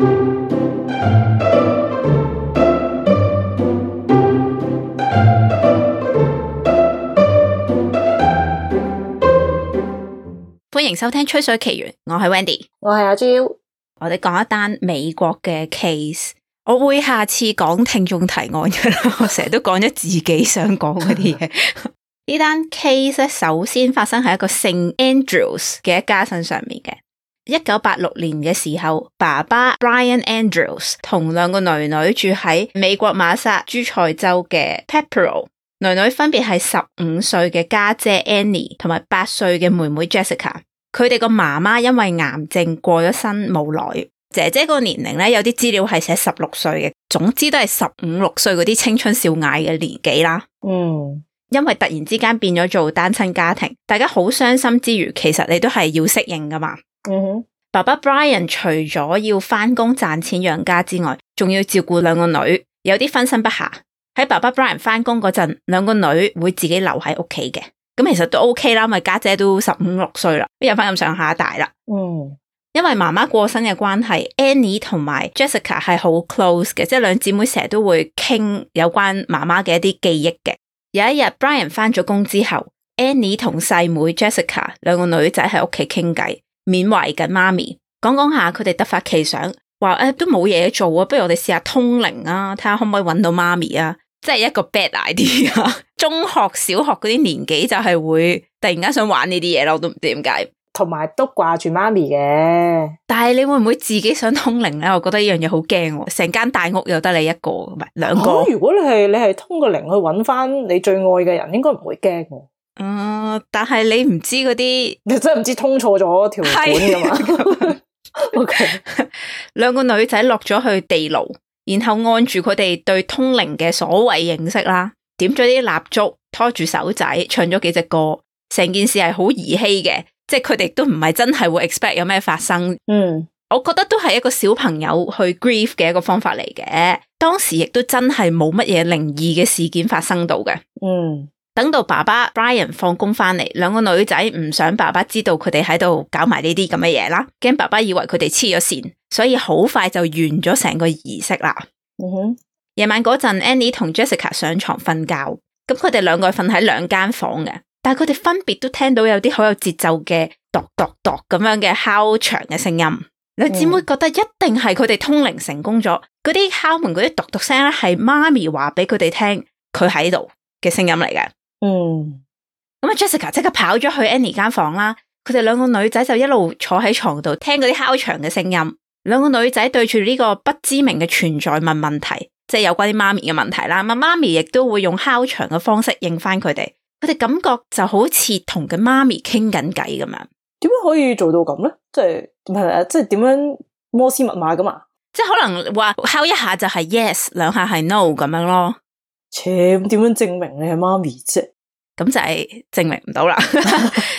.歡迎收聽《吹水奇緣》，我係 Wendy，我係阿 j 我哋講一單美國嘅 case。我會下次講聽眾提案嘅啦，我成日都講咗自己想講嗰啲嘢。呢單 case 首先發生喺一個姓 Andrews 嘅一家身上面嘅。一九八六年嘅時候，爸爸 Brian Andrews 同兩個女女住喺美國馬薩諸塞州嘅 Pepperell，囡囡分別係十五歲嘅家姐 Annie 同埋八歲嘅妹妹 Jessica。佢哋個媽媽因為癌症過咗身，冇耐。姐姐個年齡呢，有啲資料係寫十六歲嘅，總之都係十五六歲嗰啲青春少艾嘅年紀啦。嗯，因為突然之間變咗做單親家庭，大家好傷心之餘，其實你都係要適應噶嘛。嗯哼，爸爸 Brian 除咗要翻工賺錢養家之外，仲要照顧兩個女，有啲分身不下。喺爸爸 Brian 翻工嗰陣，兩個女會自己留喺屋企嘅。咁其實都 OK 啦，咪家姐都十五六歲啦，有翻咁上下大啦。嗯，因為媽媽過身嘅關係，Annie 同埋 Jessica 係好 close 嘅，即係兩姊妹成日都會傾有關媽媽嘅一啲記憶嘅。有一日 Brian 翻咗工之後，Annie 同細妹 Jessica 兩個女仔喺屋企傾偈。緬懷緊媽咪，講講下，佢哋突發奇想，話，誒、哎、都冇嘢做啊，不如我哋試下通靈啊，睇下可唔可以搵到媽咪啊，即係一個 bad idea、啊。 中學、小學嗰啲年紀就係會突然間想玩呢啲嘢咯，我都唔知點解。同埋都掛住媽咪嘅，但係你會唔會自己想通靈咧？我覺得呢樣嘢好驚，成間大屋又得你一個，唔係兩個、哦。如果你係你係通過靈去搵返你最愛嘅人，應該唔會驚。嗯，但係你唔知嗰啲，你真係唔知通錯咗條管噶嘛？OK，兩個女仔落咗去地牢，然後按住佢哋對通靈嘅所謂認識啦，點咗啲蠟燭，拖住手仔，唱咗幾隻歌，成件事係好兒戲嘅，即係佢哋都唔係真係會 expect 有咩發生。嗯，我覺得都係一個小朋友去 grief 嘅一個方法嚟嘅，當時亦都真係冇乜嘢靈異嘅事件發生到嘅。嗯。等到爸爸 Brian 放工翻嚟，兩個女仔唔想爸爸知道佢哋喺度搞埋呢啲咁嘅嘢啦，驚爸爸以為佢哋黐咗線，所以好快就完咗成個儀式啦。夜、mm hmm. 晚嗰陣，Annie 同 Jessica 上床瞓覺，咁佢哋兩個瞓喺兩間房嘅，但係佢哋分別都聽到有啲好有節奏嘅篤篤篤咁樣嘅敲牆嘅聲音。兩姊妹覺得一定係佢哋通靈成功咗，嗰啲、mm hmm. 敲門嗰啲篤篤聲咧係媽咪話俾佢哋聽，佢喺度嘅聲音嚟嘅。 嗯，咁啊，Jessica 即刻跑咗去 Annie 間房間啦。佢哋兩個女仔就一路坐喺床度聽嗰啲敲牆嘅聲音。兩個女仔對住呢個不知名嘅存在問問題，即係有關啲媽咪嘅問題啦。咁啊，媽咪亦都會用敲牆嘅方式應翻佢哋。佢哋感覺就好似同佢媽咪傾緊偈咁樣。點樣可以做到咁呢？即係唔係唔係即係點樣摩斯密碼咁啊？即係可能話敲一下就係 yes，兩下係 no 咁樣咯。切，咁點樣證明你係媽咪啫？咁就係證明唔到啦。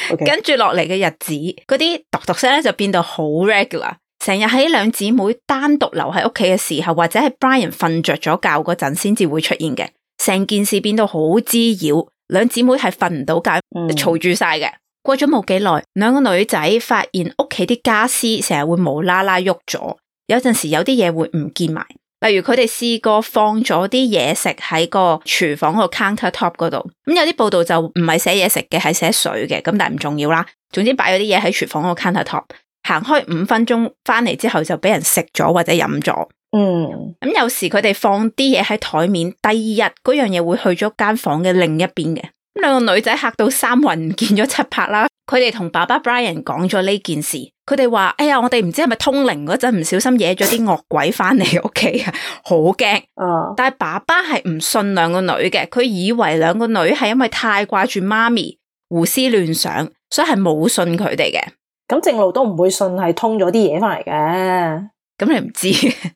跟住落嚟嘅日子，嗰啲篤篤聲咧就變到好 regular，成日喺兩姊妹單獨留喺屋企嘅時候，或者係 Brian 瞓着咗覺嗰陣，先至會出現嘅。成件事變到好滋擾，兩姊妹係瞓唔到覺，嘈住晒嘅。嗯、過咗冇幾耐，兩個女仔發現屋企啲家私成日會無啦啦喐咗，有陣時有啲嘢會唔見埋。例如佢哋試過放咗啲嘢食，喺個廚房個 counter top 嗰度，咁有啲報道就唔係寫嘢食嘅，係寫水嘅，咁但係唔重要啦。總之擺咗啲嘢喺廚房個 counter top，行開五分鐘，翻嚟之後就俾人食咗或者飲咗。嗯，咁有時佢哋放啲嘢喺台面，第二日嗰樣嘢會去咗間房嘅另一邊嘅，咁兩個女仔嚇到三魂唔見咗七魄啦。佢哋同爸爸 Brian 講咗呢件事，佢哋話：哎呀，我哋唔知係咪通靈嗰陣唔小心惹咗啲惡鬼翻嚟屋企啊，好驚！啊！Uh, 但係爸爸係唔信兩個女嘅，佢以為兩個女係因為太掛住媽咪胡思亂想，所以係冇信佢哋嘅。咁正路都唔會信係通咗啲嘢翻嚟嘅，咁你唔知？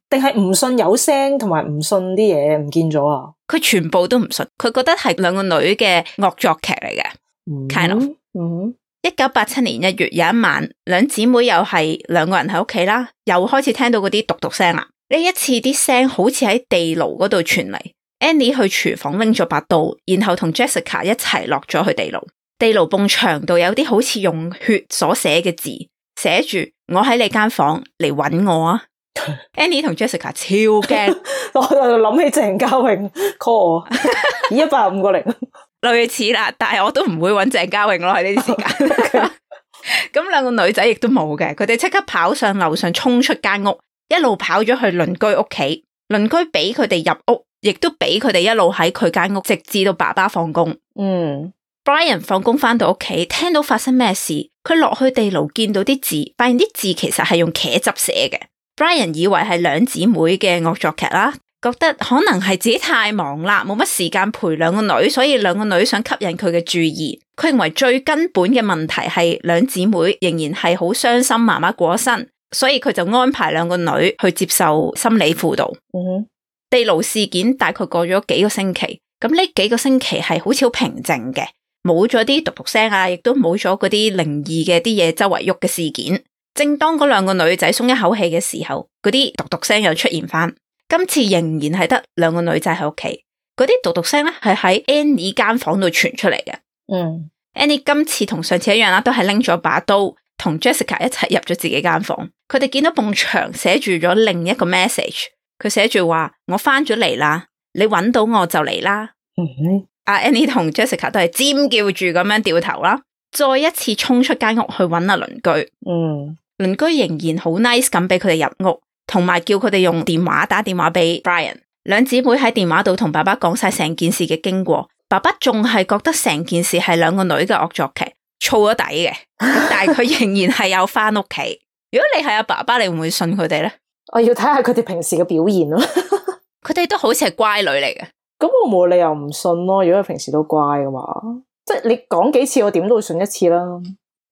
定係唔信有聲，同埋唔信啲嘢唔見咗啊？佢全部都唔信，佢覺得係兩個女嘅惡作劇嚟嘅。Kind of 嗯。一九八七年一月有一晚，兩姊妹又係兩個人喺屋企啦，又開始聽到嗰啲讀讀聲啦。呢一次啲聲好似喺地牢嗰度傳嚟。Annie 去廚房拎咗把刀，然後同 Jessica 一齊落咗去地牢。地牢，埲牆度有啲好似用血所寫嘅字，寫住我喺你間房嚟揾我啊 ！Annie 同 Jessica 超驚， 我諗起鄭嘉穎 call 我一百五個零。 250. 類似啦，但係我都唔會揾鄭嘉穎囉喺呢啲時間。咁 兩個女仔亦都冇嘅，佢哋即刻跑上樓上，衝出間屋，一路跑咗去鄰居屋企。鄰居俾佢哋入屋，亦都俾佢哋一路喺佢間屋，直至到爸爸放工。嗯，Brian 放工翻到屋企，聽到發生咩事，佢落去地牢見到啲字，發現啲字其實係用茄汁寫嘅。Brian 以為係兩姊妹嘅惡作劇啦。覺得可能係自己太忙啦，冇乜時間陪兩個女，所以兩個女想吸引佢嘅注意。佢認為最根本嘅問題係兩姊妹仍然係好傷心媽媽過身，所以佢就安排兩個女去接受心理輔導。嗯嗯，地牢事件大概過咗幾個星期，咁呢幾個星期係好似好平靜嘅，冇咗啲篤篤聲啊，亦都冇咗嗰啲靈異嘅啲嘢周圍喐嘅事件。正當嗰兩個女仔鬆一口氣嘅時候，嗰啲篤篤聲又出現翻。今次仍然係得兩個女仔喺屋企，嗰啲讀讀聲咧係喺 Annie 間房度傳出嚟嘅。嗯、mm.，Annie 今次同上次一樣啦，都係拎咗把刀同 Jessica 一齊入咗自己間房。佢哋見到埲牆寫住咗另一個 message，佢寫住話：我翻咗嚟啦，你揾到我就嚟啦。嗯、mm，阿、hmm. Annie 同 Jessica 都係尖叫住咁樣掉頭啦，再一次衝出間屋去揾阿鄰居。嗯，mm. 鄰居仍然好 nice 咁俾佢哋入屋。同埋叫佢哋用電話打電話俾 Brian，兩姊妹喺電話度同爸爸講晒成件事嘅經過。爸爸仲係覺得成件事係兩個女嘅惡作劇，燥咗底嘅。但係佢仍然係有翻屋企。 如果你係阿爸爸，你會唔會信佢哋咧？我要睇下佢哋平時嘅表現咯。佢 哋都好似係乖女嚟嘅。咁 我冇理由唔信咯。如果佢平時都乖嘅話，即係你講幾次，我點都會信一次啦。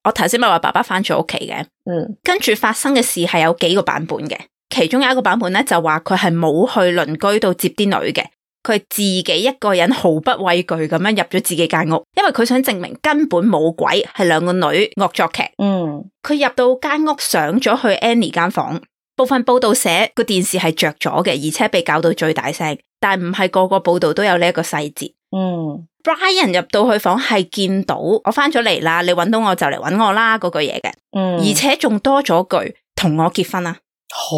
我頭先咪話爸爸翻咗屋企嘅，嗯，跟住發生嘅事係有幾個版本嘅。其中有一個版本咧，就話佢係冇去鄰居度接啲女嘅，佢自己一個人毫不畏懼咁樣入咗自己間屋，因為佢想證明根本冇鬼，係兩個女惡作劇。嗯，佢入到間屋上咗去 Annie 間房，部分報道寫個電視係着咗嘅，而且被搞到最大聲，但唔係個個報道都有呢一個細節。嗯，Brian 入到去房係見到我翻咗嚟啦，你搵到我就嚟搵我啦，嗰句嘢嘅。那個、嗯，而且仲多咗句「同我結婚啊！」好，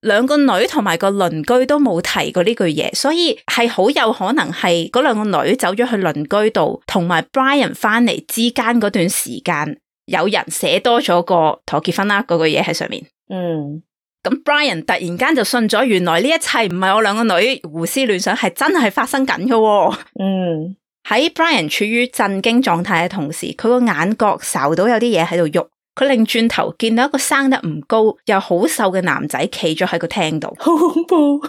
兩個女同埋個鄰居都冇提過呢句嘢，所以係好有可能係嗰兩個女走咗去鄰居度，同埋 Brian 翻嚟之間嗰段時間，有人寫多咗個同我結婚啦嗰句嘢喺上面。嗯，咁 Brian 突然間就信咗，原來呢一切唔係我兩個女胡思亂想，係真係發生緊㗎喎。嗯，喺 Brian 處於震驚狀態嘅同時，佢個眼角睄到有啲嘢喺度喐。佢擰轉頭見到一個得生得唔高又好瘦嘅男仔，企咗喺個廳度，好恐怖。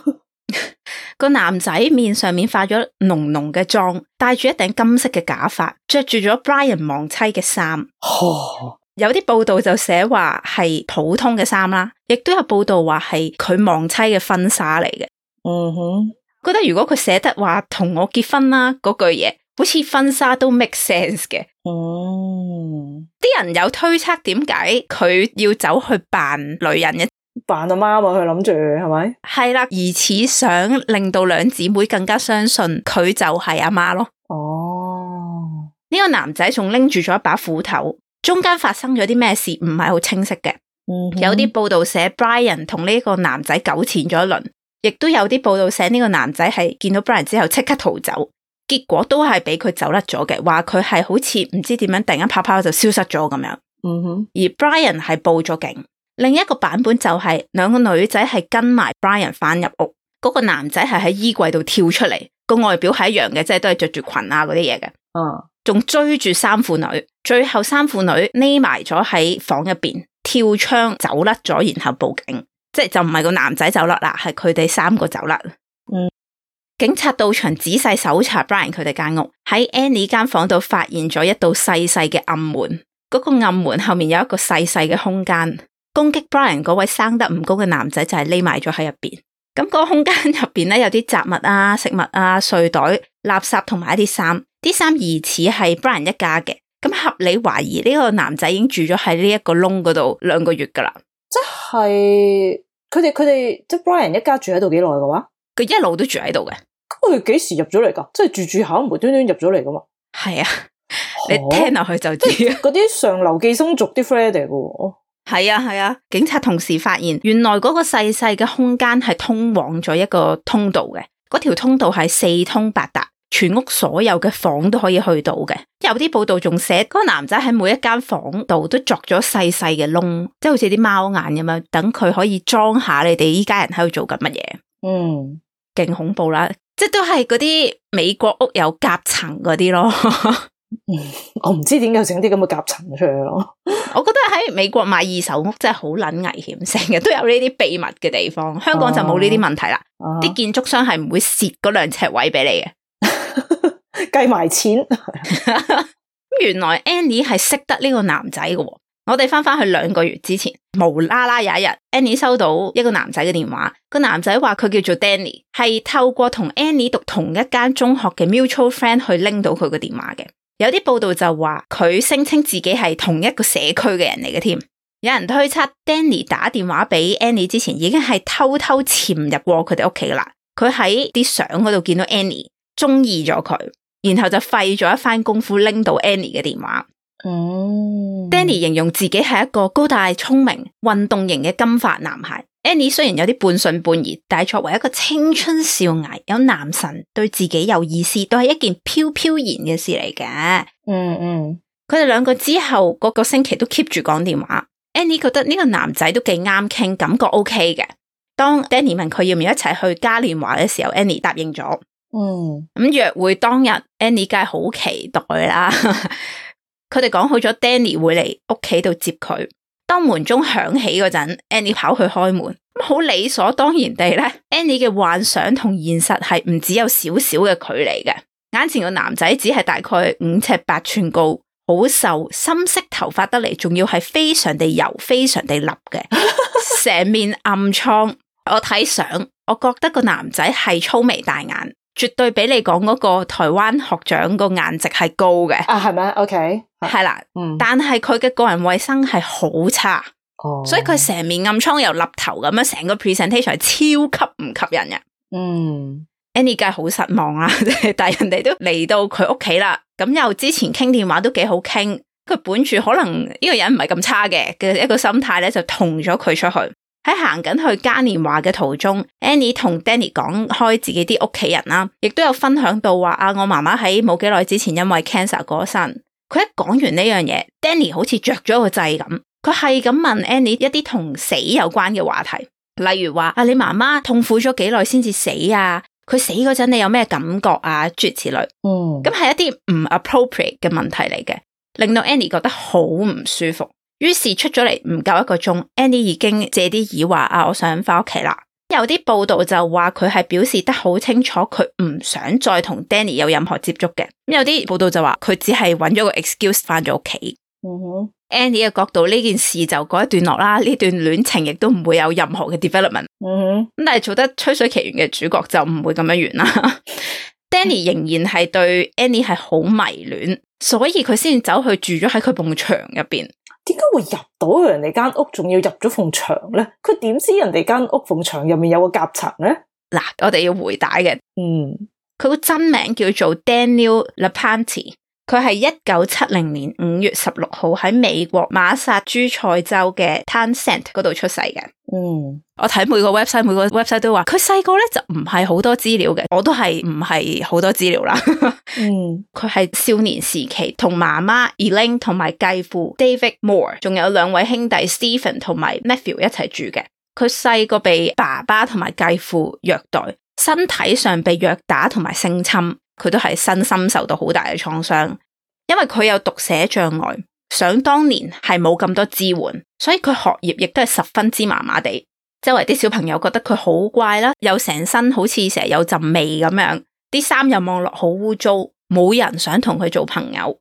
個 男仔面上面化咗濃濃嘅妝，戴住一頂金色嘅假髮，着住咗 Brian 亡妻嘅衫。 有啲報道就寫話係普通嘅衫啦，亦都有報道話係佢亡妻嘅婚紗嚟嘅。嗯哼、uh，huh. 覺得如果佢寫得話，同我結婚啦嗰句嘢。好似婚紗都 make sense 嘅。哦，啲人有推測點解佢要走去扮女人嘅，扮阿媽啊？佢諗住係咪？係啦，疑似想令到兩姊妹更加相信佢就係阿媽咯。哦，呢個男仔仲拎住咗一把斧頭，中間發生咗啲咩事唔係好清晰嘅。Mm hmm. 有啲報道寫 Brian 同呢個男仔糾纏咗一輪，亦都有啲報道寫呢個男仔係見到 Brian 之後即刻逃走。結果都係俾佢走甩咗嘅，話佢係好似唔知點樣，突然間啪啪就消失咗咁樣。嗯哼、mm，hmm. 而 Brian 係報咗警。另一個版本就係、是、兩個女仔係跟埋 Brian 翻入屋，嗰、那個男仔係喺衣櫃度跳出嚟，個外表係一樣嘅，即係都係着住裙啊嗰啲嘢嘅。哦，仲追住三父女，最後三父女匿埋咗喺房入邊，跳窗走甩咗，然後報警，即係就唔係個男仔走甩啦，係佢哋三個走甩。警察到場仔細搜查 Brian 佢哋間屋，喺 Annie 間房度發現咗一道細細嘅暗門。嗰個暗門後面有一個細細嘅空間，攻擊 Brian 嗰位生得唔高嘅男仔就係匿埋咗喺入邊。咁個空間入邊咧有啲雜物啊、食物啊、睡袋、垃圾同埋一啲衫。啲衫疑似係 Brian 一家嘅，咁合理懷疑呢個男仔已經住咗喺呢一個窿嗰度兩個月㗎喇。即係佢哋佢哋即係 Brian 一家住喺度幾耐嘅話，佢一路都住喺度嘅。.佢幾時入咗嚟噶？即係住住下，無端端入咗嚟噶嘛？係啊，你聽落去就知。嗰啲上流寄生族啲 friend 嚟噶。係啊係啊，警察同時發現原來嗰個細細嘅空間係通往咗一個通道嘅。嗰條通道係四通八達，全屋所有嘅房都可以去到嘅。有啲報道仲寫，嗰個男仔喺每一間房度都鑿咗細細嘅窿，即係好似啲貓眼咁樣，等佢可以裝下你哋依家人喺度做緊乜嘢。嗯，勁恐怖啦！即係都係嗰啲美國屋有夾層嗰啲咯 、嗯，我唔知點解整啲咁嘅夾層出去咯。 我覺得喺美國買二手屋真係好捻危險性嘅，都有呢啲秘密嘅地方。香港就冇呢啲問題啦，啲、啊啊、建築商係唔會蝕嗰兩尺位俾你嘅，計埋 上錢。咁 原來 Annie 係識得呢個男仔嘅。我哋翻翻去兩個月之前，無啦啦有一日，Annie 收到一個男仔嘅電話，個男仔話佢叫做 Danny，係透過同 Annie 讀同一間中學嘅 mutual friend 去拎到佢個電話嘅。有啲報道就話佢聲稱自己係同一個社區嘅人嚟嘅，添。有人推測 Danny 打電話俾 Annie 之前，已經係偷偷潛入過佢哋屋企啦。佢喺啲相嗰度見到 Annie，中意咗佢，然後就費咗一番功夫拎到 Annie 嘅電話。哦，Danny 形容自己係一個高大、聰明、運動型嘅金髮男孩。Annie 雖然有啲半信半疑，但係作為一個青春少艾，有男神對自己有意思，都係一件飄飄然嘅事嚟嘅，嗯。嗯嗯，佢哋兩個之後個個星期都 keep 住講電話。Annie 覺得呢個男仔都幾啱傾，感覺 OK 嘅。當 Danny 問佢要唔要一齊去嘉年華嘅時候，Annie 答應咗。嗯，咁約會當日，Annie 梗係好期待啦。 佢哋講好咗，Danny 會嚟屋企度接佢。當門鐘響起嗰陣，Annie 跑去開門，好理所當然地咧，Annie 嘅幻想同現實係唔只有少少嘅距離嘅。眼前個男仔只係大概五尺八寸高，好瘦，深色頭髮得嚟，仲要係非常地油，非常地立嘅，成面暗瘡。我睇相，我覺得個男仔係粗眉大眼。絕對比你講嗰個台灣學長個顏值係高嘅，啊係咪？OK，係啦的，嗯，但係佢嘅個人衛生係好差，哦，所以佢成面暗瘡又立頭咁樣，成個 presentation 係超級唔吸引人。嗯，Annie 梗係好失望啦， 但係人哋都嚟到佢屋企啦，咁又之前傾電話都幾好傾，佢本住可能呢個人唔係咁差嘅嘅一個心態咧，就同咗佢出去。喺行緊去嘉年華嘅途中，Annie 同 Danny 講開自己啲屋企人啦，亦都有分享到話啊，我媽媽喺冇幾耐之前因為 cancer 過身。佢一講完呢樣嘢，Danny 好似着咗個掣咁，佢係咁問 Annie 一啲同死有關嘅話題，例如話啊，你媽媽痛苦咗幾耐先至死啊？佢死嗰陣你有咩感覺啊？諸如此類。哦，咁係一啲唔 appropriate 嘅問題嚟嘅，令到 Annie 覺得好唔舒服。於是出咗嚟唔夠一個鐘，Annie 已經借啲耳話啊，我想翻屋企啦。有啲報道就話佢係表示得好清楚，佢唔想再同 Danny 有任何接觸嘅。有啲報道就話佢只係揾咗個 excuse 翻咗屋企。Annie 嘅角度呢件事就告一段落啦，呢段戀情亦都唔會有任何嘅 development，uh。咁、huh. 但係做得吹水奇緣嘅主角就唔會咁樣完啦。 Danny 仍然係對 Annie 係好迷戀，所以佢先走去住咗喺佢埲牆入邊。點解會入到人哋間屋，仲要入咗埲牆咧？佢點知道人哋間屋埲牆入面有個夾層咧？嗱，我哋要回答嘅，嗯，佢個真名叫做 Daniel LaPlante。佢係一九七零年五月十六號喺美國馬薩諸塞州嘅 Townsend 嗰度出世嘅。嗯，我睇每個 website 每個 website 都話佢細個咧就唔係好多資料嘅，我都係唔係好多資料啦。 嗯，佢係少年時期同媽媽 Eileen 同埋繼父 David Moore，仲有兩位兄弟 Stephen 同埋 Matthew 一齊住嘅。佢細個被爸爸同埋繼父虐待，身體上被虐打同埋性侵。佢都係身心受到好大嘅創傷，因為佢有讀寫障礙，想當年係冇咁多支援，所以佢學業亦都係十分之麻麻地。周圍啲小朋友覺得佢好怪啦，有成身好似成日有陣味咁樣，啲衫又望落好污糟，冇人想同佢做朋友。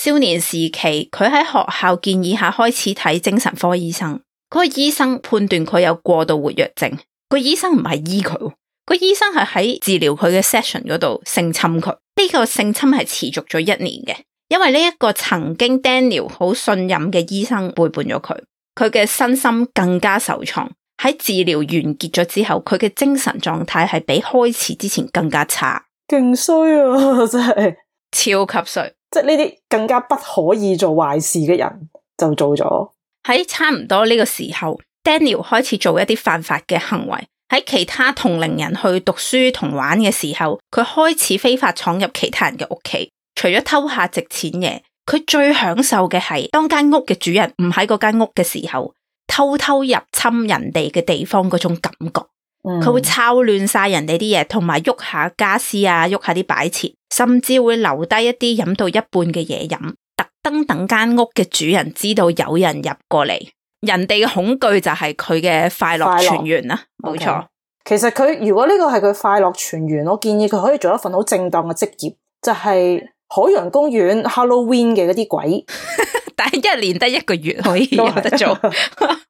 少年時期，佢喺學校建議下開始睇精神科醫生，嗰個醫生判斷佢有過度活躍症，個醫生唔係醫佢哦。個醫生係喺治療佢嘅 session 嗰度性侵佢，呢、這個性侵係持續咗一年嘅。因為呢一個曾經 Daniel 好信任嘅醫生背叛咗佢，佢嘅身心更加受創。喺治療完結咗之後，佢嘅精神狀態係比開始之前更加差。勁衰啊，真係超級衰。即係呢啲更加不可以做壞事嘅人就做咗。喺差唔多呢個時候，Daniel 開始做一啲犯法嘅行為。喺其他同齡人去讀書同玩嘅時候，佢開始非法闖入其他人嘅屋企，除咗偷下值錢嘢，佢最享受嘅係當間屋嘅主人唔喺嗰間屋嘅時候，偷偷入侵人哋嘅地方嗰種感覺。佢、嗯、會抄亂晒人哋啲嘢，同埋喐下家私啊，喐下啲擺設，甚至會留低一啲飲到一半嘅嘢飲，特登等間屋嘅主人知道有人入過嚟。人哋嘅恐懼就係佢嘅快樂泉源啦，冇錯樂。錯 okay. 其實佢如果呢個係佢快樂泉源，我建議佢可以做一份好正當嘅職業，就係、是、海洋公園 Halloween 嘅嗰啲鬼， 但係一年得一個月可以有得做。嗰也是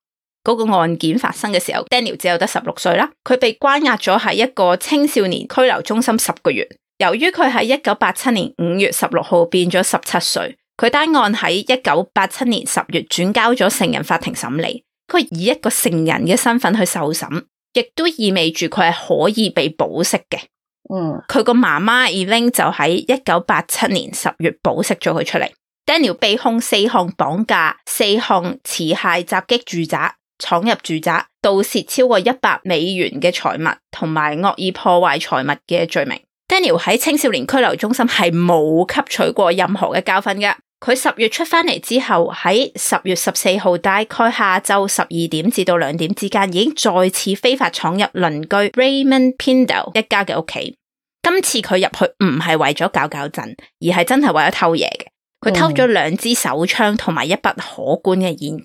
個案件發生嘅時候，Daniel 只有得十六歲啦，佢被關押咗喺一個青少年拘留中心十個月，由於佢喺一九八七年五月十六號變咗十七歲。佢單案喺一九八七年十月轉交咗成人法庭審理，佢以一個成人嘅身份去受審，亦都意味住佢係可以被保釋嘅。嗯，佢個媽媽 Evelyn 就喺一九八七年十月保釋咗佢出嚟。Mm. Daniel 被控四項綁架、四項持械襲擊住宅、闖入住宅、盜竊超過一百美元嘅財物，同埋惡意破壞財物嘅罪名。Daniel 喺青少年拘留中心係冇吸取過任何嘅教訓嘅。佢十月出翻嚟之後，喺十月十四號大概下晝十二點至到兩點之間，已經再次非法闖入鄰居 Raymond Pindell 一家嘅屋企。今次佢入去唔係為咗搞搞震，而係真係為咗偷嘢嘅。佢偷咗兩支手槍同埋一筆可觀嘅現金。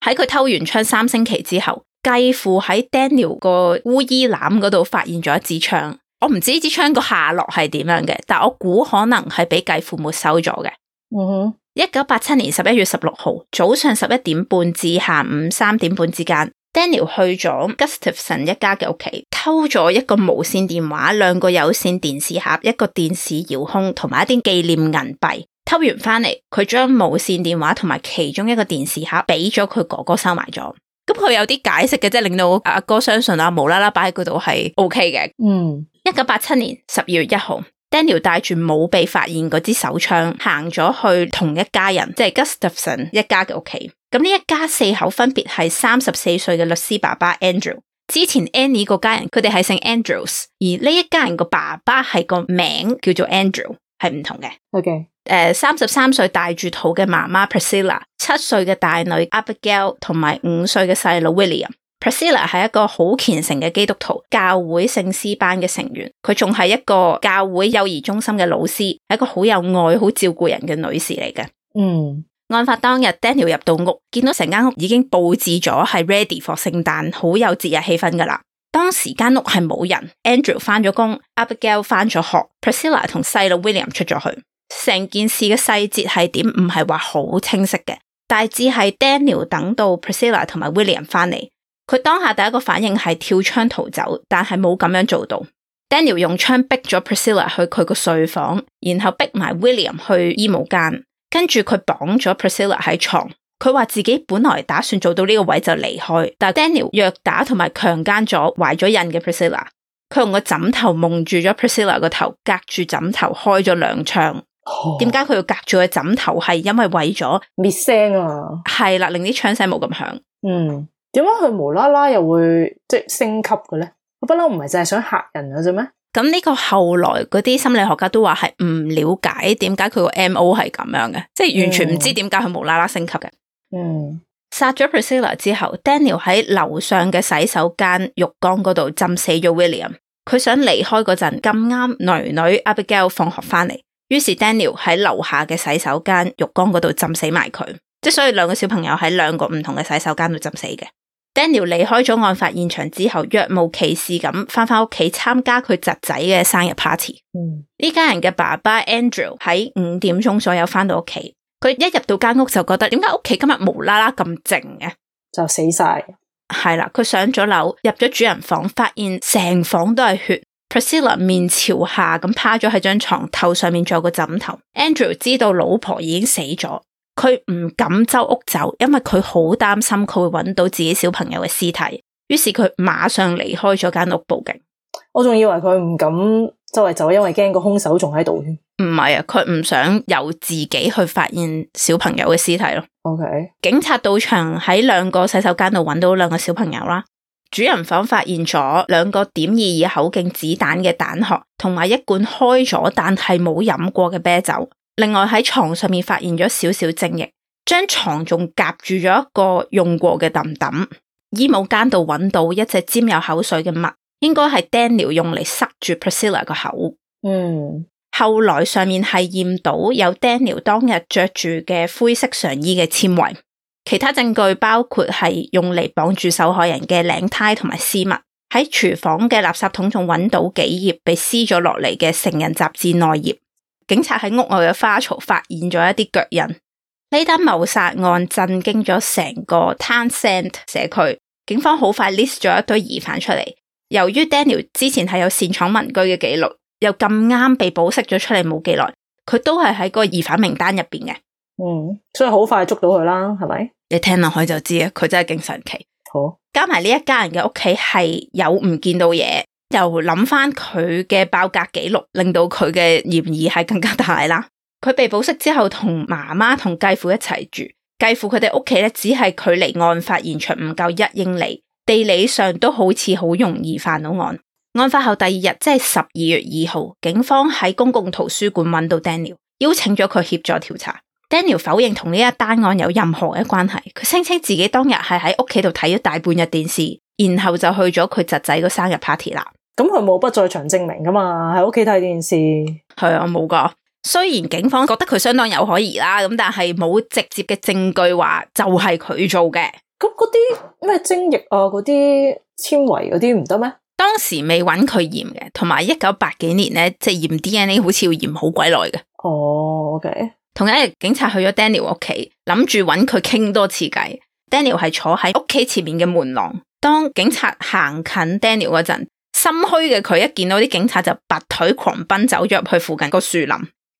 喺佢偷完槍三星期之後，繼父喺 Daniel 個烏衣籃嗰度發現咗一支槍。我唔知支槍個下落係點樣嘅，但我估可能係俾繼父母收咗嘅。嗯哼、uh，一九八七年十一月十六號早上十一點半至下午三點半之間，Daniel 去咗 Gustafson 一家嘅屋企，偷咗一個無線電話、兩個有線電視盒、一個電視遙控同埋一啲紀念銀幣。偷完翻嚟，佢將無線電話同埋其中一個電視盒俾咗佢哥哥收埋咗。咁佢有啲解釋嘅，即係令到阿哥，哥相信啦、OK，無啦啦擺喺嗰度係 OK 嘅。嗯、huh.。一九八七年十二月一號，Daniel 帶住冇被發現嗰支手槍行咗去同一家人，即係 Gustafson 一家嘅屋企。咁呢一家四口分別係三十四歲嘅律師爸爸 Andrew，之前 Annie 個家人佢哋係姓 Andrews，而呢一家人個爸爸係個名叫做 Andrew，係唔同嘅。O.K. 三十三歲帶住肚嘅媽媽 Priscilla，七歲嘅大女 Abigail，同埋五歲嘅細佬 William。Priscilla 係一個好虔誠嘅基督徒，教會聖詩班嘅成員，佢仲係一個教會幼兒中心嘅老師，係一個好有愛、好照顧人嘅女士嚟嘅。嗯，案發當日，Daniel 入到屋，見到成間屋已經佈置咗，係 ready for 聖誕，好有節日氣氛㗎喇。當時間屋係冇人，Andrew 返咗工，Abigail 返咗學，Priscilla 同細佬 William 出咗去。成件事嘅細節係點，唔係話好清晰嘅，大致係 Daniel 等到 Priscilla 同埋 William 返嚟。佢當下第一個反應係跳窗逃走，但係冇咁樣做到。Daniel 用槍逼咗 Priscilla 去佢個睡房，然後逼埋 William 去衣帽間，跟住佢綁咗 Priscilla 喺床。佢話自己本來打算做到呢個位就離開，但係 Daniel 虐打同埋強奸咗懷咗孕嘅 Priscilla。佢用個枕頭蒙住咗 Priscilla 個頭，隔住枕頭開咗兩槍。點解佢要隔住個枕頭？係因為為咗滅聲啊，係啦，令啲槍聲冇咁響。嗯。點解佢無啦啦又會即升級嘅咧？佢不嬲唔係就係想嚇人嘅啫咩？咁呢個後來嗰啲心理學家都話係唔了解點解佢個 MO 係咁樣嘅，即係完全唔知點解佢無啦啦升級嘅。嗯，殺咗 Priscilla 之後，Daniel 喺樓上嘅洗手間浴缸嗰度浸死咗 William。佢想離開嗰陣，咁啱囡囡 Abigail 放學返嚟，於是 Daniel 喺樓下嘅洗手間浴缸嗰度浸死埋佢。即係所以兩個小朋友喺兩個唔同嘅洗手間度浸死嘅。Daniel 離開咗案發現場之後，若無其事咁翻翻屋企參加佢侄仔嘅生日 party。呢、嗯、家人嘅爸爸 Andrew 喺五點鐘左右翻到屋企，佢一入到間屋就覺得點解屋企今日無啦啦咁靜嘅？就死晒，係啦。佢上咗樓，入咗主人房，發現成房都係血。Priscilla 面朝下咁趴咗喺張床頭上面，仲有個枕頭。Andrew 知道老婆已經死咗。佢唔敢周屋走，因為佢好擔心佢會揾到自己小朋友嘅屍體。於是佢馬上離開咗間屋報警。我仲以為佢唔敢周圍走，因為驚個凶手仲喺度。唔係啊，佢唔想由自己去發現小朋友嘅屍體咯。OK，警察到場喺兩個洗手間度揾到兩個小朋友啦。主人房發現咗兩個點二二口徑子彈嘅彈殼，同埋一罐開咗但係冇飲過嘅啤酒。另外喺床上面發現咗少少精液，將床仲夾住咗一個用過嘅氹氹。衣帽間度揾到一隻沾有口水嘅襪，應該係 Daniel 用嚟塞住 Priscilla 個口。嗯，後來上面係驗到有 Daniel 當日着住嘅灰色上衣嘅纖維。其他證據包括係用嚟綁住受害人嘅領呔同埋絲襪。喺廚房嘅垃圾桶仲揾到幾頁被撕咗落嚟嘅成人雜誌內頁。警察喺屋外嘅花槽發現咗一啲腳印，呢單謀殺案震驚咗成個 Townsend 社區。警方好快 list 咗一堆疑犯出嚟。由於 Daniel 之前係有擅闖民居嘅記錄，又咁啱被保釋咗出嚟冇幾耐，佢都係喺嗰個疑犯名單入面嘅。嗯，所以好快捉到佢啦，係咪？你聽落去就知啦，佢真係勁神奇。好，加埋呢一家人嘅屋企係有唔見到嘢。又諗翻佢嘅爆格紀錄，令到佢嘅嫌疑係更加大啦。佢被保釋之後，同媽媽同繼父一齊住，繼父佢哋屋企只係距離案發現場唔夠一英里，地理上都好似好容易犯到案。案發後第二日，即係十二月二號，警方喺公共圖書館揾到 Daniel，邀請咗佢協助調查。Daniel 否認同呢一單案有任何嘅關係，佢聲稱自己當日係喺屋企度睇咗大半日電視，然後就去咗佢侄仔個生日 party 啦。咁佢冇不在場證明噶嘛？喺屋企睇電視係啊，冇噶。雖然警方覺得佢相當有可疑啦，咁但係冇直接嘅證據話就係佢做嘅。咁嗰啲咩精液啊，嗰啲纖維嗰啲唔得咩？當時未揾佢驗嘅，同埋一九八幾年咧，即係驗 DNA，好似要驗好鬼耐嘅。哦，o k 同一日警察去咗 Daniel 屋企，諗住揾佢傾多次偈。Daniel 係坐喺屋企前面嘅門廊，當警察行近 Daniel 嗰陣。心虛嘅佢一見到啲警察就拔腿狂奔，走咗入去附近個樹林。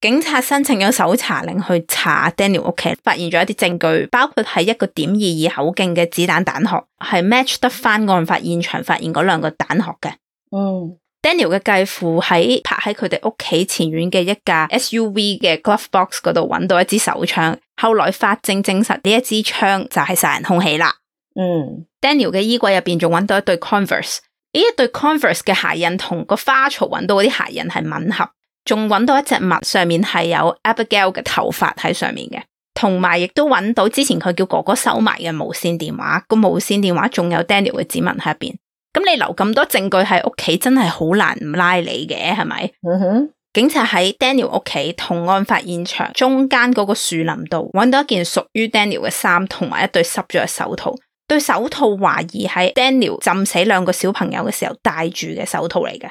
警察申請咗搜查令去查 Daniel 屋企，發現咗一啲證據，包括係一個點二二口徑嘅子彈彈殼，係 match 得翻案發現場發現嗰兩個彈殼嘅。嗯。Daniel 嘅繼父喺泊喺佢哋屋企前院嘅一架 SUV 嘅 glove box 嗰度揾到一支手槍，後來法證證實呢一支槍就係殺人兇器啦。嗯。Daniel 嘅衣櫃入邊仲揾到一對 Converse。呢一對 Converse 嘅鞋印同個花槽揾到嗰啲鞋印係吻合，仲揾到一隻襪，上面係有 Abigail 嘅頭髮喺上面嘅，同埋亦都揾到之前佢叫哥哥收埋嘅無線電話，個無線電話仲有 Daniel 嘅指紋喺入面。咁你留咁多證據喺屋企，真係好難唔拉你嘅，係咪？嗯哼、uh。Huh. 警察喺 Daniel 屋企同案發現場中間嗰個樹林度揾到一件屬於 Daniel 嘅衫，同埋一對濕咗嘅手套。對手套懷疑係 Daniel 浸死兩個小朋友嘅時候戴住嘅手套嚟嘅，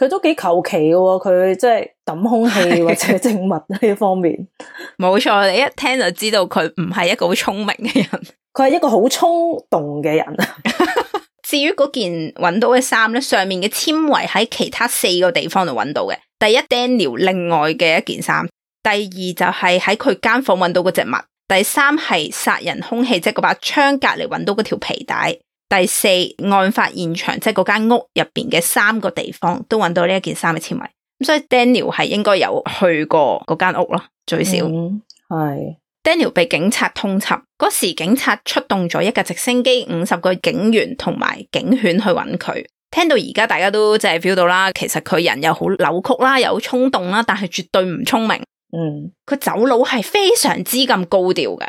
佢都幾求其嘅，佢即係揼空氣或者植物呢 方面，冇錯，你一聽就知道佢唔係一個好聰明嘅人，佢係一個好衝動嘅人啊。 至於嗰件揾到嘅衫咧，上面嘅纖維喺其他四個地方度揾到嘅，第一 Daniel 另外嘅一件衫，第二就係喺佢間房揾到嗰隻植物。第三係殺人凶器，即係嗰把槍隔籬揾到嗰條皮帶。第四，案發現場，即係嗰間屋入邊嘅三個地方都揾到呢一件衫嘅纖維，咁所以 Daniel 係應該有去過嗰間屋咯，最少係、嗯、Daniel 被警察通緝嗰時，警察出動咗一架直升機、五十個警員同埋警犬去揾佢。聽到而家大家都即係 feel 到啦，其實佢人又好扭曲啦，又好衝動啦，但係絕對唔聰明。嗯，佢走佬係非常之咁高調嘅，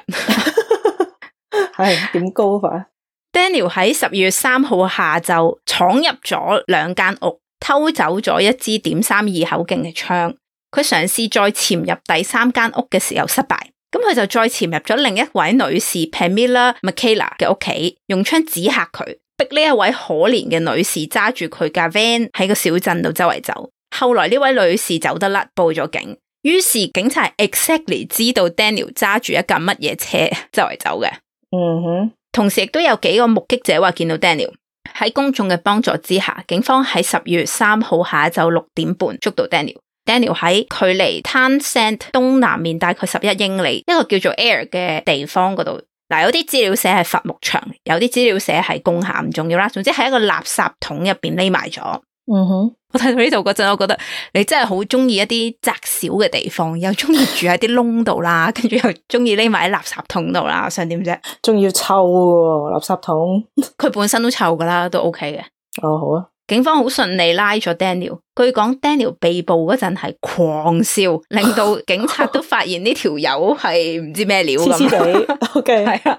係點高法？Daniel 喺十二月三號下晝闖入咗兩間屋，偷走咗一支點三二口徑嘅槍。佢嘗試再潛入第三間屋嘅時候失敗，咁佢就再潛入咗另一位女士 Pamela Michael 嘅屋企，用槍指吓佢，逼呢一位可憐嘅女士揸住佢架 van 喺個小鎮度周圍走。後來呢位女士走得甩，報咗警。於是，警察 exactly 知道 Daniel 揸住一架乜嘢車周圍走嘅。嗯哼、mm，hmm. 同時亦都有幾個目擊者話見到 Daniel，喺公眾嘅幫助之下，警方喺十二月三號下晝六點半捉到 Daniel。Daniel 喺距離 Townsend 東南面大概十一英里一、這個叫做 Air 嘅地方嗰度。嗱、呃、有啲資料寫係伐木場，有啲資料寫係工廈，唔重要啦。總之喺一個垃圾桶入邊匿埋咗。嗯哼，mm hmm. 我睇到呢度嗰陣，我覺得你真係好中意一啲窄小嘅地方，又中意住喺啲窿度啦，跟住 又中意匿埋喺垃圾桶度啦，想點啫？中意臭嘅，哦、垃圾桶，佢 本身都臭噶啦，都 OK 嘅。哦、oh, 好啊，警方好順利拉咗 Daniel。據講，Daniel 被捕嗰陣係狂笑，令到警察都發現呢條友係唔知咩料咁樣。 OK，係啊。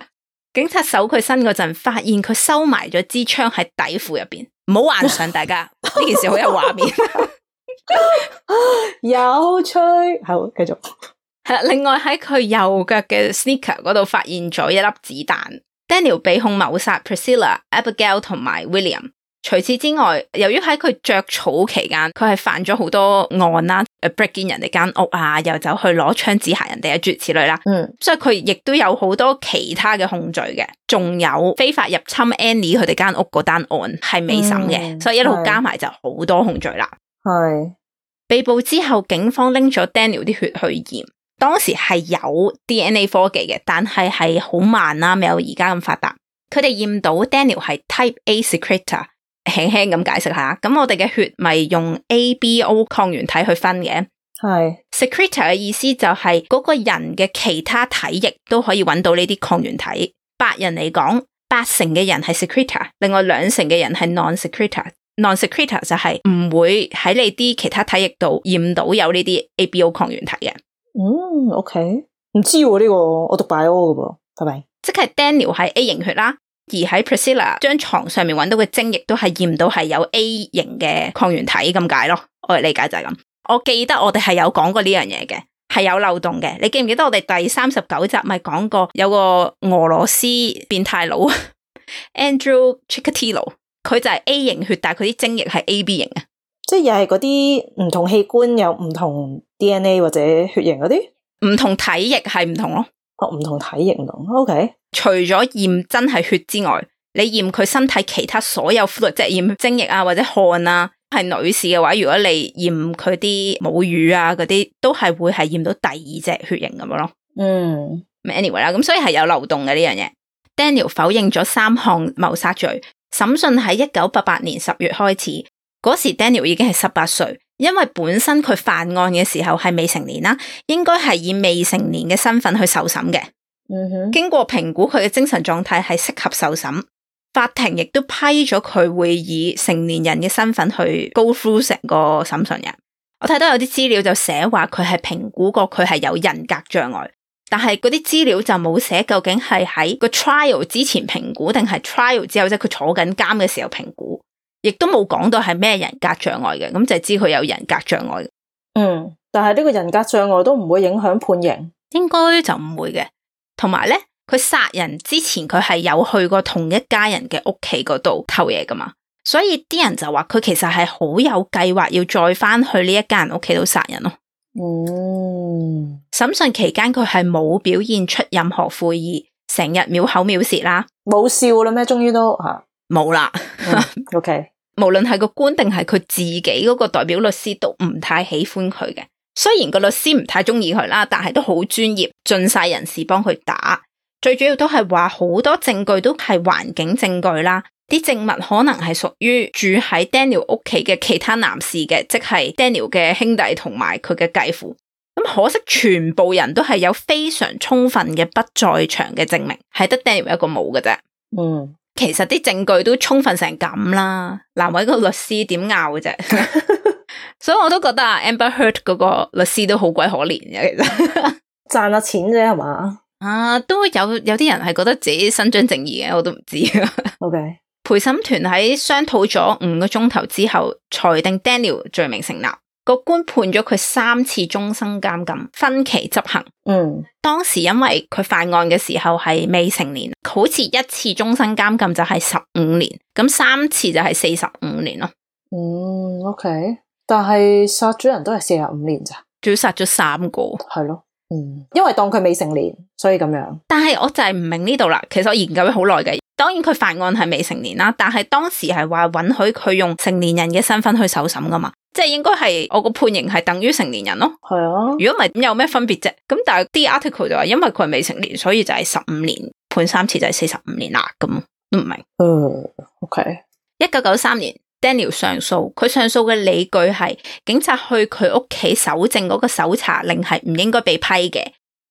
警察搜佢身嗰陣，發現佢收埋咗支槍喺底褲入邊。唔好幻想，大家，呢件事好有畫面，有趣。好，繼續。係另外喺佢右腳嘅 sneaker 嗰度發現咗一粒子彈。Daniel 被控謀殺 Priscilla、Abigail 同埋 William。除此之外，由於喺佢着草期間，佢係犯咗好多案啦，誒，break in 人哋間屋啊，屋又走去攞槍指吓人哋啊，諸如此類啦。嗯，所以佢亦都有好多其他嘅控罪嘅，仲有非法入侵 Annie 佢哋間屋嗰單案係未審嘅，嗯，所以一路加埋是就好多控罪啦。係是被捕之後，警方拎咗 Daniel 啲血去驗，當時係有 DNA 科技嘅，但係係好慢啦，未有而家咁發達。佢哋驗到 Daniel 係 Type A Secretor。輕輕咁解釋下，咁我哋嘅血咪用 A、B、O 抗原體去分嘅。係是 secretor 嘅意思就係嗰個人嘅其他體液都可以搵到呢啲抗原體。白人嚟講，八成嘅人係 secretor，另外兩成嘅人係 non-secretor。non-secretor 就係唔會喺你啲其他體液度驗到有呢啲 A、B、O 抗原體嘅。嗯，OK，唔知喎，呢個我讀 bio 嘅噃，係咪？即係 Daniel 係 A 型血啦。而喺 Priscilla 張床上面揾到嘅精液都係驗到係有 A 型嘅抗原體咁解咯，我理解就係咁。我記得我哋係有講過呢樣嘢嘅，係有漏洞嘅。你記唔記得我哋第三十九集咪講過有個俄羅斯變態佬 Andrew Chikatilo，佢就係 A 型血，但係佢啲精液係 A B 型啊，即係又係嗰啲唔同器官有唔同 DNA 或者血型嗰啲，唔同體液係唔同咯。唔、哦、同體型，唔 OK。除咗驗真係血之外，你驗佢身體其他所有分泌，即係驗精液啊或者汗啊。係女士嘅話，如果你驗佢啲母乳啊嗰啲，都係會係驗到第二隻血型咁樣咯。嗯，anyway 啦，咁所以係有漏洞嘅呢樣嘢。Daniel 否認咗三項謀殺罪，審訊喺一九八八年十月開始，嗰時 Daniel 已經係十八歲。因為本身佢犯案嘅時候係未成年啦，應該係以未成年嘅身份去受審嘅。嗯哼，經過評估佢嘅精神狀態係適合受審，法庭亦都批咗佢會以成年人嘅身份去 go through 成個審訊人。我睇到有啲資料就寫話佢係評估過佢係有人格障礙，但係嗰啲資料就冇寫究竟係喺個 trial 之前評估定係 trial 之後即係佢坐緊監嘅時候評估。亦都冇講到係咩人格障礙嘅，咁就係知佢有人格障礙。嗯，但係呢個人格障礙都唔會影響判刑，應該就唔會嘅。同埋咧，佢殺人之前佢係有去過同一家人嘅屋企嗰度偷嘢噶嘛，所以啲人就話佢其實係好有計劃要再翻去呢一家人屋企度殺人咯。哦、嗯，審訊期間佢係冇表現出任何悔意，成日秒口秒舌啦，冇笑啦咩？終於都吓冇啦。O K。無論係個官定係佢自己嗰個代表律師，都唔太喜歡佢嘅。雖然個律師唔太中意佢啦，但係都好專業，盡晒人事幫佢打。最主要都係話好多證據都係環境證據啦，啲證物可能係屬於住喺 Daniel 屋企嘅其他男士嘅，即係 Daniel 嘅兄弟同埋佢嘅繼父。咁可惜，全部人都係有非常充分嘅不在場嘅證明，係得 Daniel 一個冇嘅啫。嗯。其實啲證據都充分成咁啦，難為個律師點拗嘅啫， 所以我都覺得 Amber Heard 嗰個律師都好鬼可憐嘅，其實 賺下錢啫係嘛？啊都有有啲人係覺得自己伸張正義嘅，我都唔知。 OK，陪審團喺商討咗五個鐘頭之後，裁定 Daniel 罪名成立。個官判咗佢三次終身監禁，分期執行。嗯，當時因為佢犯案嘅時候係未成年，好似一次終身監禁就係十五年，咁三次就係四十五年咯。嗯，OK，但係殺咗人都係四十五年咋？仲要殺咗三個，係咯，嗯，因為當佢未成年，所以咁樣。但係我就係唔明呢度啦。其實我研究咗好耐嘅，當然佢犯案係未成年啦，但係當時係話允許佢用成年人嘅身份去受審噶嘛。即係應該係我個判刑係等於成年人咯，係啊。如果唔係咁有咩分別啫？咁但係啲 article 就話，因為佢係未成年，所以就係十五年判三次就係四十五年啦。咁都唔明。嗯，OK。一九九三年，Daniel 上訴，佢上訴嘅理據係警察去佢屋企搜證嗰個搜查令係唔應該被批嘅，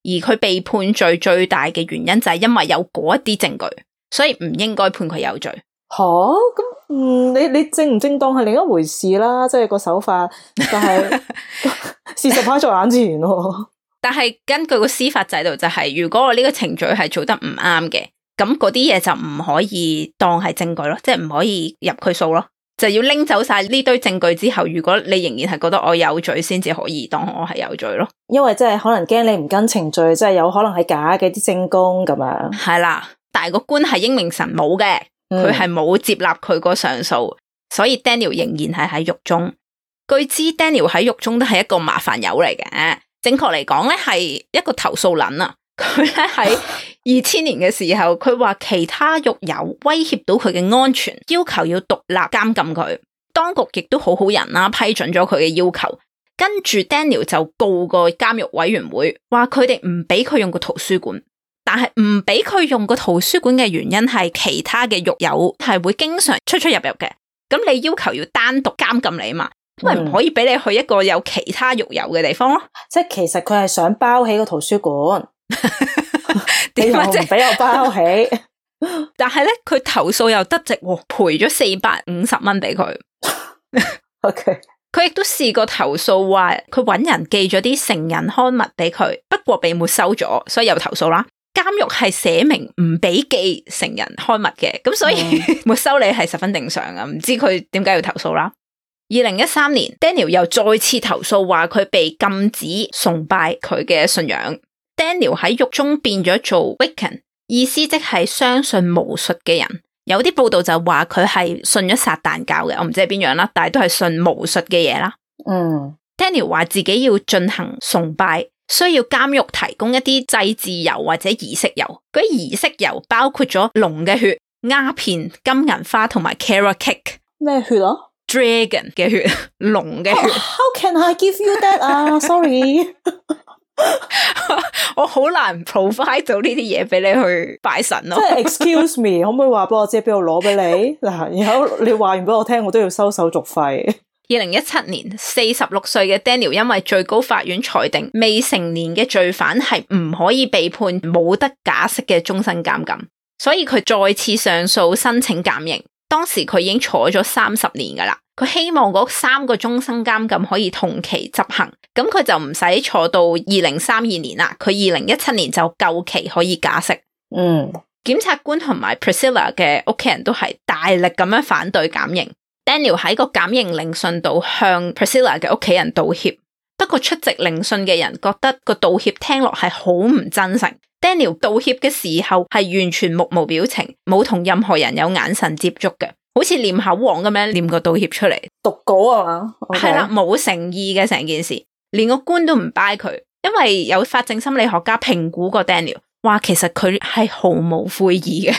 而佢被判罪最大嘅原因就係因為有嗰一啲證據，所以唔應該判佢有罪。吓咁、哦。嗯，你你正唔正當係另一回事啦，即係個手法，但係 事實擺喺眼前，啊。但係根據個司法制度，就係，就係如果我呢個程序係做得唔啱嘅，咁嗰啲嘢就唔可以當係證據咯，即係唔可以入佢數咯。就要拎走晒呢堆證據之後，如果你仍然係覺得我有罪，先至可以當我係有罪咯。因為即係可能驚你唔跟程序，即，就，係，是，有可能係假嘅啲證供咁樣。係啦，嗯，但係個官係英明神武嘅。佢係冇接納佢個上訴，所以 Daniel 仍然係喺獄中。據知 Daniel 喺獄中都係一個麻煩友嚟嘅，正確嚟講咧係一個投訴佬啊！佢咧喺二千年嘅時候，佢話 其他獄友威脅到佢嘅安全，要求要獨立監禁佢。當局亦都好好人啦、啊，批准咗佢嘅要求。跟住 Daniel 就告個監獄委員會，話佢哋唔俾佢用個圖書館。但係唔俾佢用個圖書館嘅原因係其他嘅獄友係會經常出出入入嘅，咁你要求要單獨監禁你嘛？因為唔可以俾你去一個有其他獄友嘅地方咯。嗯、即係其實佢係想包起個圖書館， 啊、你唔俾我包起。 但係咧，佢投訴又得值，賠咗四百五十蚊俾佢。O K，佢亦都試過投訴話佢搵人寄咗啲成人刊物俾佢，不過被沒收咗，所以又投訴啦。監獄係寫明唔俾寄成人刊物嘅，咁所以、mm. 沒收你係十分正常噶，唔知佢點解要投訴啦。二零一三年，Daniel 又再次投訴話佢被禁止崇拜佢嘅信仰。Daniel 喺獄中變咗做 Wiccan，意思即係相信巫術嘅人。有啲報道就話佢係信咗撒旦教嘅，我唔知係邊樣啦，但係都係信巫術嘅嘢啦。嗯、mm.，Daniel 話自己要進行崇拜。需要監獄提供一啲祭祀油或者儀式油，嗰啲儀式油包括咗龍嘅血、鴉片、金銀花同埋 carrot cake。咩血咯？Dragon 嘅血，龍嘅血。Oh, how can I give you that 啊？Sorry， 我好難 provide 到呢啲嘢俾你去拜神咯。Excuse me， 可唔可以話幫我知邊度攞俾你嗱？然後你話完俾我聽，我都要收手續費。二零一七年，四十六歲嘅 Daniel 因為最高法院裁定未成年嘅罪犯係唔可以被判冇得假釋嘅終身監禁，所以佢再次上訴申請減刑。當時佢已經坐咗三十年噶啦，佢希望嗰三個終身監禁可以同期執行，咁佢就唔使坐到二零三二年啦。佢二零一七年就夠期可以假釋。嗯，檢察官同埋 Priscilla 嘅屋企人都係大力咁樣反對減刑。Daniel 喺個減刑聆訊度向 Priscilla 嘅屋企人道歉，不過出席聆訊嘅人覺得個道歉聽落係好唔真誠。Daniel 道歉嘅時候係完全目無表情，冇同任何人有眼神接觸嘅，好似念口簧咁樣念個道歉出嚟，讀稿啊嘛，係啦，冇誠意嘅成件事，連個官都唔 buy 佢，因為有法證心理學家評估過 Daniel，話其實佢係毫無悔意嘅。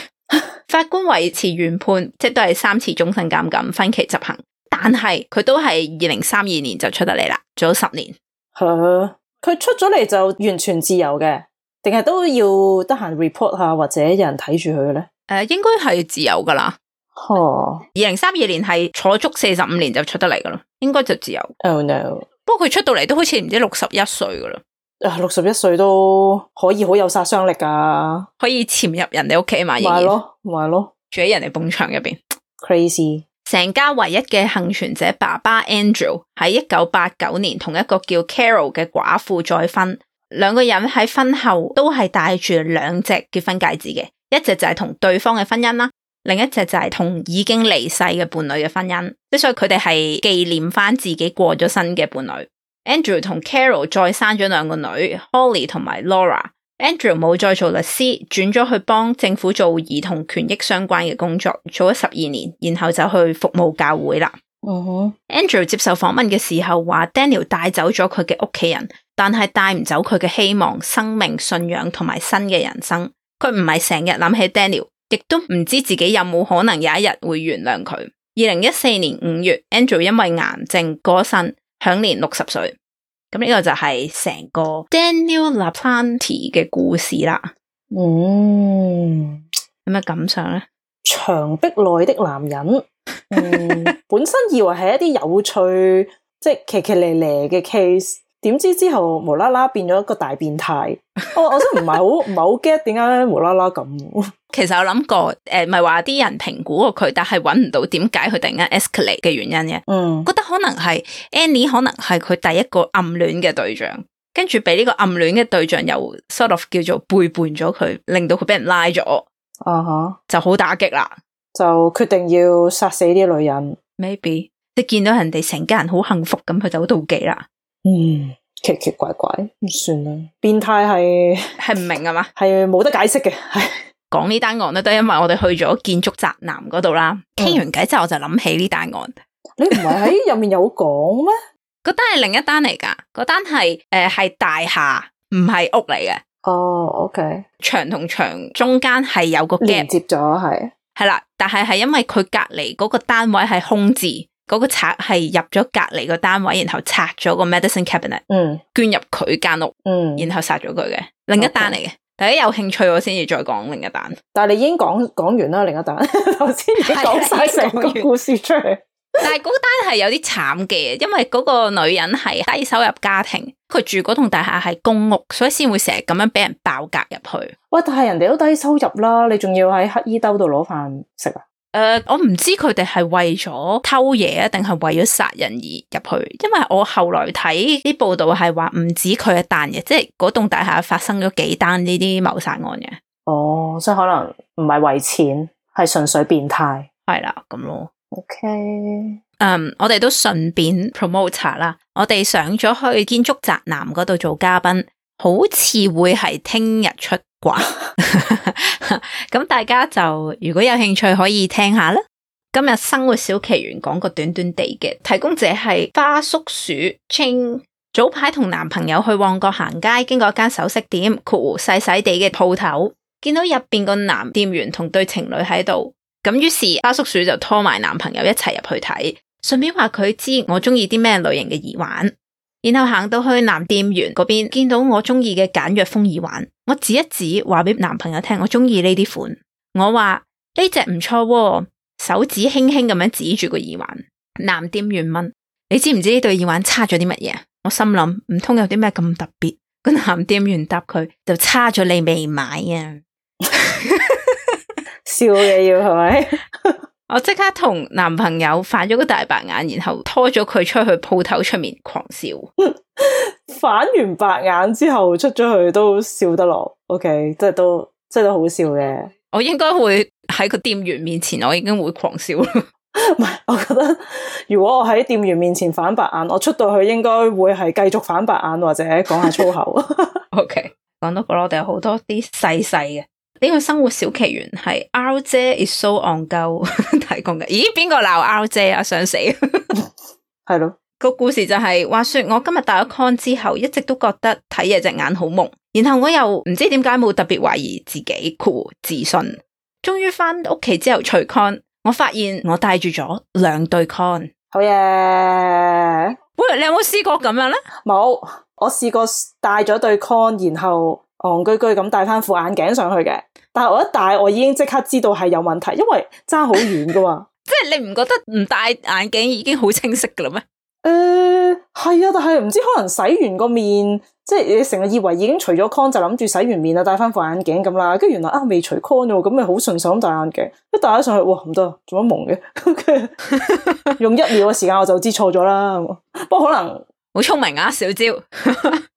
法官維持原判，即都係三次終身監禁分期執行，但係佢都係二零三二年就出得嚟啦，做咗十年。吓、啊，佢出咗嚟就完全自由嘅，定係都要得閒 report 下或者有人睇住佢嘅咧？誒、啊，應該係自由噶啦。吓、啊，二零三二年係坐足四十五年就出得嚟噶啦，應該就自由。Oh no！不過佢出到嚟都好似唔知六十一歲噶啦。六十一歲都可以好有殺傷力㗎！可以潛入人哋屋企嘛？係咯，係咯，住喺人哋埲牆入邊，crazy。成家唯一嘅幸存者，爸爸 Angel 喺一九八九年同一個叫 Carol 嘅寡婦再婚，兩個人喺婚後都係戴住兩隻結婚戒指嘅，一隻就係同對方嘅婚姻啦，另一隻就係同已經離世嘅伴侶嘅婚姻，即係所以佢哋係紀念翻自己過咗身嘅伴侶。Andrew 同 and Carol 再生咗兩個女，Holly 同 and 埋 Laura。Andrew 冇再做律師，轉咗去幫政府做兒童權益相關嘅工作，做咗十二年，然後就去服務教會啦。哦、oh.，Andrew 接受訪問嘅時候話，Daniel 帶走咗佢嘅屋企人，但係帶唔走佢嘅希望、生命、信仰同埋新嘅人生。佢唔係成日諗起 Daniel，亦都唔知自己有冇可能有一日會原諒佢。二零一四年五月，Andrew 因為癌症過身。享年六十歲，咁呢個就係成個 Daniel LaPlante 嘅故事啦。嗯，有咩感想咧？牆壁內的男人、 嗯，本身以為係一啲有趣，即、就、係、是、奇奇咧咧嘅 case。點知之後無啦啦變咗一個大變態。哦，我我都唔係好唔係好 get 點解無啦啦咁。 其實我諗過誒，唔係話啲人評估過佢，但係揾唔到點解佢突然間 escalate 嘅原因嘅。嗯，覺得可能係 Annie 可能係佢第一個暗戀嘅對象，跟住俾呢個暗戀嘅對象又 sort of 叫做背叛咗佢，令到佢俾人拉咗。啊哈、uh，huh. 就好打擊啦，就決定要殺死啲女人。Maybe 你係見到人哋成家人好幸福咁，佢就好妒忌啦。嗯，奇奇怪怪，唔算啦。變態係係唔明啊嘛，係冇得解釋嘅。講呢單案咧，都係因為我哋去咗建築宅男嗰度啦。傾、嗯、完偈之後，我就諗起呢單案。你唔係喺入面有講咩？嗰 單係另一單嚟㗎，嗰單係誒係大廈，唔係屋嚟嘅。哦、oh,，OK，牆同牆中間係有個連接咗，係係啦。但係係因為佢隔籬嗰個單位係空置。嗰個賊係入咗隔籬個單位，然後拆咗個 medicine cabinet，嗯，捐入佢間屋，嗯，然後殺咗佢嘅另一單嚟嘅。大家有興趣我先至再講另一單，但係你已經講講完啦，另一單頭先已經講晒成個故事出嚟。但係嗰單係有啲慘嘅，因為嗰個女人係低收入家庭，佢住嗰棟大廈係公屋，所以先會成日咁樣俾人爆格入去。喂，但係人哋都低收入啦，你仲要喺乞兒兜度攞飯食啊？誒，uh, 我唔知佢哋係為咗偷嘢，定係為咗殺人而入去。因為我後來睇啲報道係話，唔止佢一單嘅，即係嗰棟大廈發生咗幾單呢啲謀殺案嘅。哦，即係可能唔係為錢，係純粹變態，係啦咁咯。OK，嗯，um, 我哋都順便 promoter 啦，我哋上咗去建築宅男嗰度做嘉賓。好似會係聽日出啩，咁、 嗯、大家就如果有興趣可以聽下啦。今日生活小奇緣講個短短地嘅提供者係花叔鼠清，早排同男朋友去旺角行街，經過一間首飾店，括號細細地嘅鋪頭，見到入邊個男店員同對情侶喺度，咁於是花叔鼠就拖埋男朋友一齊入去睇，順便話佢知我中意啲咩類型嘅耳環。然後行到去男店員嗰邊，見到我中意嘅簡約風耳環，我指一指，話俾男朋友聽，我中意呢啲款。我話呢隻唔錯喎，手指輕輕咁樣指住個耳環。男店員問：你知唔知呢對耳環差咗啲乜嘢？我心諗唔通有啲咩咁特別。個男店員答佢：就差咗你未買啊！笑嘅 要係咪？ 我即刻同男朋友反咗個大白眼，然後拖咗佢出去鋪頭出面狂笑。 反完白眼之後出咗去都笑得落，OK，即係都即係都好笑嘅。我應該會喺個店員面前，我已經會狂笑。唔係， 我覺得如果我喺店員面前反白眼，我出到去應該會係繼續反白眼或者講下粗口。 OK，講到個我哋有好多啲細細嘅。呢個生活小奇懸係 out 姐 is so on go 提供嘅。咦？邊個鬧 out 姐啊？想死啊 喏！係咯，個故事就係、是、話說我今日戴咗 con 之後，一直都覺得睇嘢隻眼好蒙。然後我又唔知點解冇特別懷疑自己，故自信。終於翻屋企之後除 con，我發現我戴住咗兩對 con。好嘢！喂，你有冇試過咁樣咧？冇，我試過戴咗對 con，然後戇居居咁戴翻副眼鏡上去嘅。但係我一戴，我已經即刻知道係有問題，因為差好遠噶嘛。 即係你唔覺得唔戴眼鏡已經好清晰噶啦咩？誒、呃，係啊，但係唔知可能洗完個面，即係你成日以為已經除咗 con 就諗住洗完面啊戴翻副眼鏡咁啦，跟住原來啊未除 con 咯，咁咪好順手咁戴眼鏡，一戴咗上去，哇唔得，做乜蒙嘅？ 用一秒嘅時間我就知錯咗啦。 不過可能。好聰明啊，小招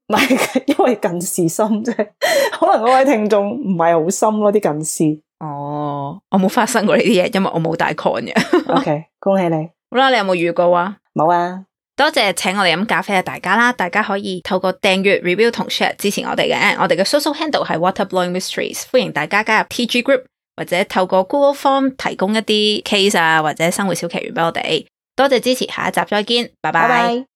唔係因為近視深啫， 可能嗰位聽眾唔係好深咯，啊、啲近視。哦，我冇發生過呢啲嘢，因為我冇戴 con 嘅。 OK，恭喜你。好啦，你有冇遇過啊？冇啊。多謝請我哋飲咖啡嘅大家啦，大家可以透過訂閱、review 同 share 支持我哋嘅。我哋嘅 social handle 係 water blowing mysteries，歡迎大家加入 TG group，或者透過 Google Form 提供一啲 case 啊，或者生活小奇懸俾我哋。多謝支持，下一集再見，拜拜。Bye bye.